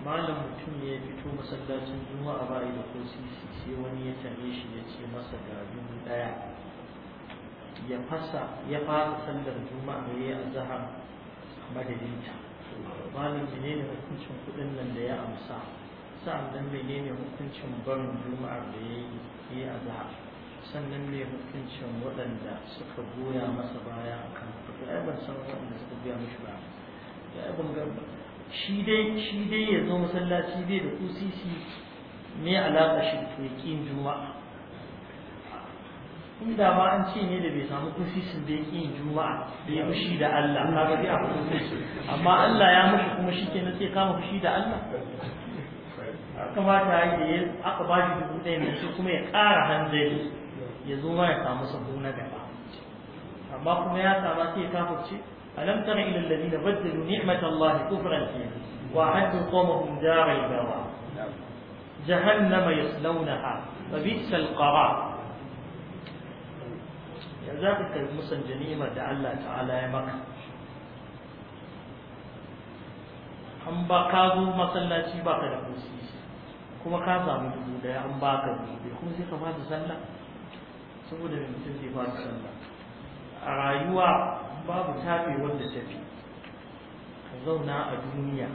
malam mutum ya fito masallacin juma'a ba da ko sisi sai wani ya tare shi ya ce masa ga dubu daya ya fasa ya fasa sallar juma'a ne a zahar madadinta malam ne ne hukuncin kudin nan da ya amsa sa'an nan menene hukuncin barin juma'ar da ya yi a zahar sannan ne hukuncin waɗanda suka goya masa baya a kan kuɗi ai ban san waɗanda suka goya mashi baya da ai ban gaba shi dai shi dai ya zo masallaci bai da kusisi me alaƙa shi da yaƙin juma'a da ma an ce ne da bai samu kusisin da yaƙin juma'a da ya fushi da Allah ka ga dai a kusisin amma Allah ya mashi kuma shi ke sai kama fushi da Allah kamata ya aka ba shi dubu ɗaya ne sai kuma ya ƙara hanzari ya zo ma ya samu sabo na gaba amma kuma ya sama sai ya kafirce alam tara ila alladhina baddalu ni'matallahi kufran wa ahaddu qawmahum dar al-bawa jahannama yaslawnaha fa bi'sa al-qarar ya za ka kai musan janima da Allah ta'ala ya maka an ba ka zo masallaci ba ka da kusi kuma ka samu dubu daya an ba ka dubu kuma sai ka fada sallah saboda mai mutum zai fara sallah a rayuwa babu tafi wanda tafi ka zauna a duniya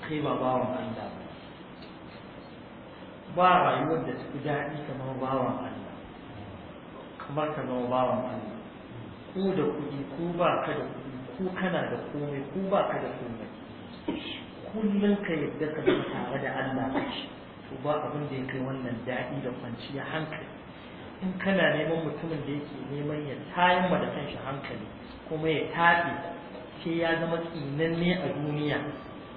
kai ba bawan Allah ba rayuwar da tafi daɗi kamar bawan Allah kamar ka zama bawan Allah ko da kuɗi ko ba ka da kuɗi ko kana da komai ko ba ka da komai kullum ka yadda ka zama tare da Allah to ba abin da ya kai wannan daɗi da kwanciya hankali in kana neman mutumin da yake neman ya tayin da kanshi hankali kuma ya tafi sai ya zama tsinanne a duniya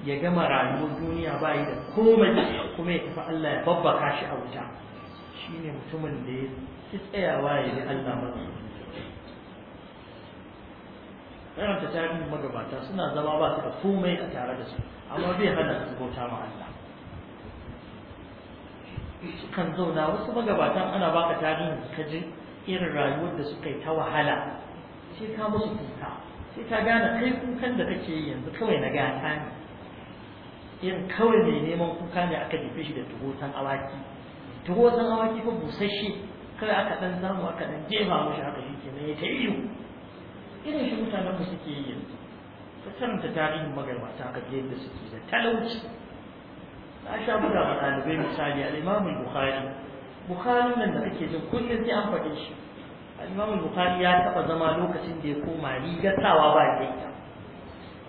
ya gama rayuwar duniya yi da komai kuma ya tafi Allah ya babbaka shi a wuta Shi ne mutumin da ya fi tsayawa ya yi Allah mazi karanta tarihin magabata suna zama ba su da komai a tare da su amma bai hana su bauta ma Allah sukan zauna wasu magabatan ana baka tarihin ka ji irin rayuwar da suka yi ta wahala sai ka musu kuka sai ka gane kai kukan da kake yi yanzu kawai na gata ne yin kawai mai neman kuka ne aka jefe shi da tuhotan awaki tuhotan awaki fa busasshe kawai aka dan samu aka dan jefa mushi haka shi ke mai ta iyo irin shi mutanen mu suke yi yanzu ta karanta tarihin magabata ka je yadda suke da talauci na sha buga ma ɗalibai misali al'imamun bukhari bukhari nan da kake jin kullum sai an faɗe shi al'imamun bukhari ya taɓa zama lokacin da ya koma rigatawa ba da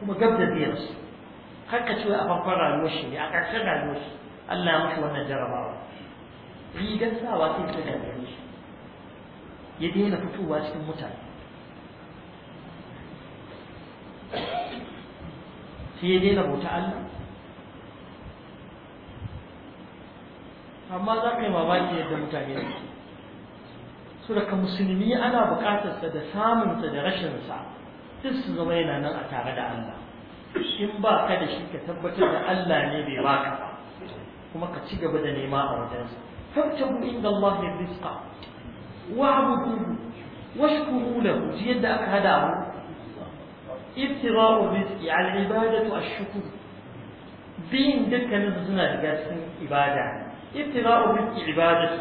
kuma gab da zai rasu har ka ce a farkon rayuwar shi ne a ƙarshen rayuwar shi Allah ya mutu wannan jarabawa rigar sawa sai ta gagare shi ya daina fitowa cikin mutane sai ya daina bauta Allah amma za ka yi mamaki yadda mutane su su daga musulmi ana sa da samunsa da rashinsa duk su zama yana nan a tare da Allah in ba ka da shi ka tabbatar da Allah ne bai baka ba kuma ka ci gaba da nema a wajensa fabtahu inda Allah ya rizqa wa'buduhu washkuru lahu ji yadda aka hada mu ibtira'u rizqi al ibadatu ash-shukr bin dukkanin suna daga cikin ibada ibtira'u rizqi ibadati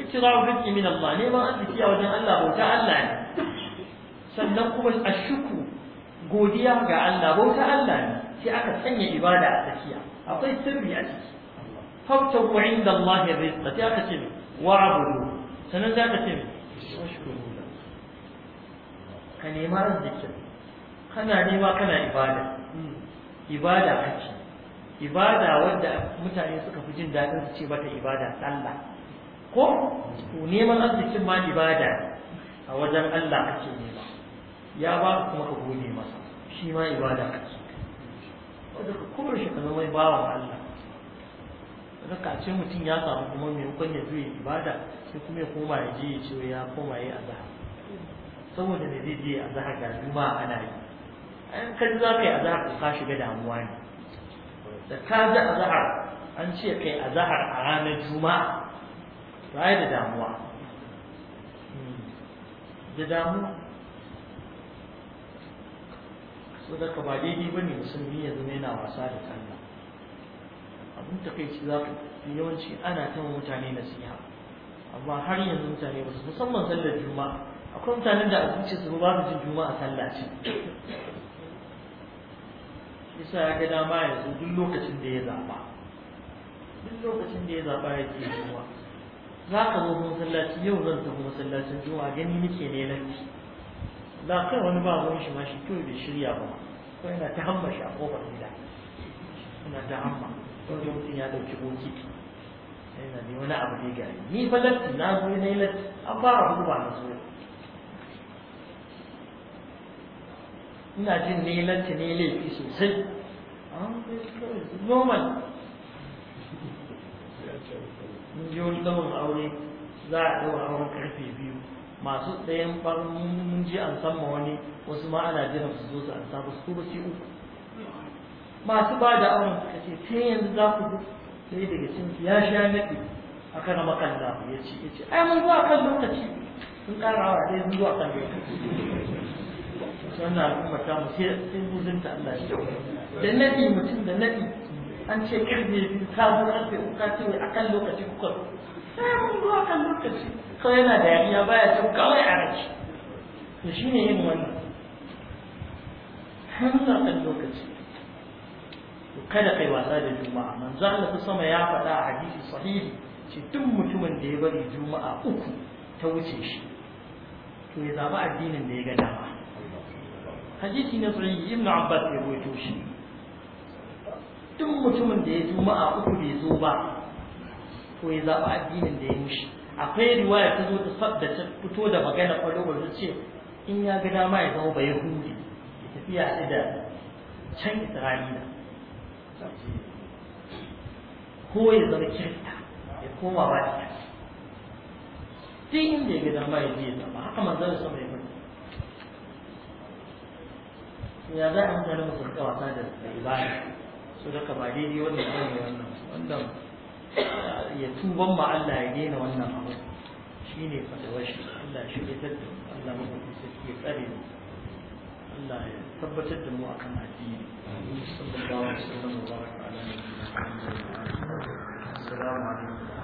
ibtira'u rizqi min Allah ne ma arziki a wajen Allah bauta Allah ne sannan kuma ashukru godiya ga Allah bauta Allah ne sai aka sanya ibada a tsakiya akwai sirri a ciki fabtahu inda Allah rizqa sai aka ce wa'budu sannan za ka ka nema kana kana ibada hmm. ibada wanda mutane suka fi jin daɗin su ce bata ibada sallah ko neman arzikin ma ibada a wajen Allah ake nema ya ba ku kuma ka gode masa shi ma ibada ake wanda ka kuma shi ka zama bawa Allah wanda ka ce mutum ya samu kuma mai hukun ya zuwa ibada sai kuma ya koma ya je ya ce ya koma ya azhar saboda me zai je azhar ga juma'a ana yi an kan za ka yi azhar ka shiga damuwa ne da ka ji zahar? an ce kai zahar a ranar juma'a ba da damuwa hmm. da damuwa su da ba daidai ba ne musulmi yanzu yana wasa da kanna abin takaici za ku yawanci ana ta mutane nasiha amma har yanzu mutane ba su musamman sallar juma'a akwai mutanen da abincin su ba su jin juma'a sallah ce yasa ya ga dama yanzu duk lokacin da ya zaɓa duk lokacin da ya zaɓa ya ke zuwa za ka zo masallaci yau zan tafi masallacin zuwa gani nake ne ci da kai wani ba ruwan shi ma shi to bai shirya ba ko yana ta hamba shi a kofar gida yana ta hamba, ko da mutum ya ɗauki bokiti yana ne wani abu ne gari ni fa latti na zo na yi latti an fara hudu ba na zo ina jin ta ne laifi sosai normal mun ji wani daurin aure za a daura auren karfe biyu masu tsayen bar mun ji an samma wani wasu ma ana jiran su zo su an samu su kuma uku masu ba da auren suka ce sai yanzu za ku sai daga cin ya sha naɗi a kan makalla ya ce ya ce ai mun zuwa kan lokaci sun ƙara wa ɗaya sun zuwa kan lokaci wannan al'umma ta mu sai sun mutunta Allah shi da nadi mutum da nadi an ce karfe biyu ka zo karfe uku ka ce a kan lokaci kuka sai mun zo a kan lokaci kawai yana dariya baya son kawai a rage to shi ne yin wannan har zuwa kan lokaci kada kai wasa da juma'a manzo Allah sama ya faɗa a hadisi sahihi ce duk mutumin da ya bari juma'a uku ta wuce shi to ya zaba addinin da ya ga dama hadisi na sahihi ibn abbas ya rawaito shi duk mutumin da ya juma'a uku bai zo ba ko ya zaba addinin da ya mushi akwai riwaya ta zo ta sabda ta fito da magana kwallo ta ce in ya ga dama ya zama bai hudu ya tafi ya da can isra'ila ko ya zama kirista ya koma ba ta duk inda ya ga dama ya je ya zama haka manzon sa mai ya za a mutane musu rika wasa da ibada su ka ba daidai wannan ne wannan wannan eh, ya tuban ma Allah ya daina wannan abu ne fatawar shi Allah shi ya tattu Allah kuma sai ke tsare mu Allah ya tabbatar da mu akan addini sallallahu alaihi wa sallam wa baraka ala nabiyyina Muhammad assalamu alaikum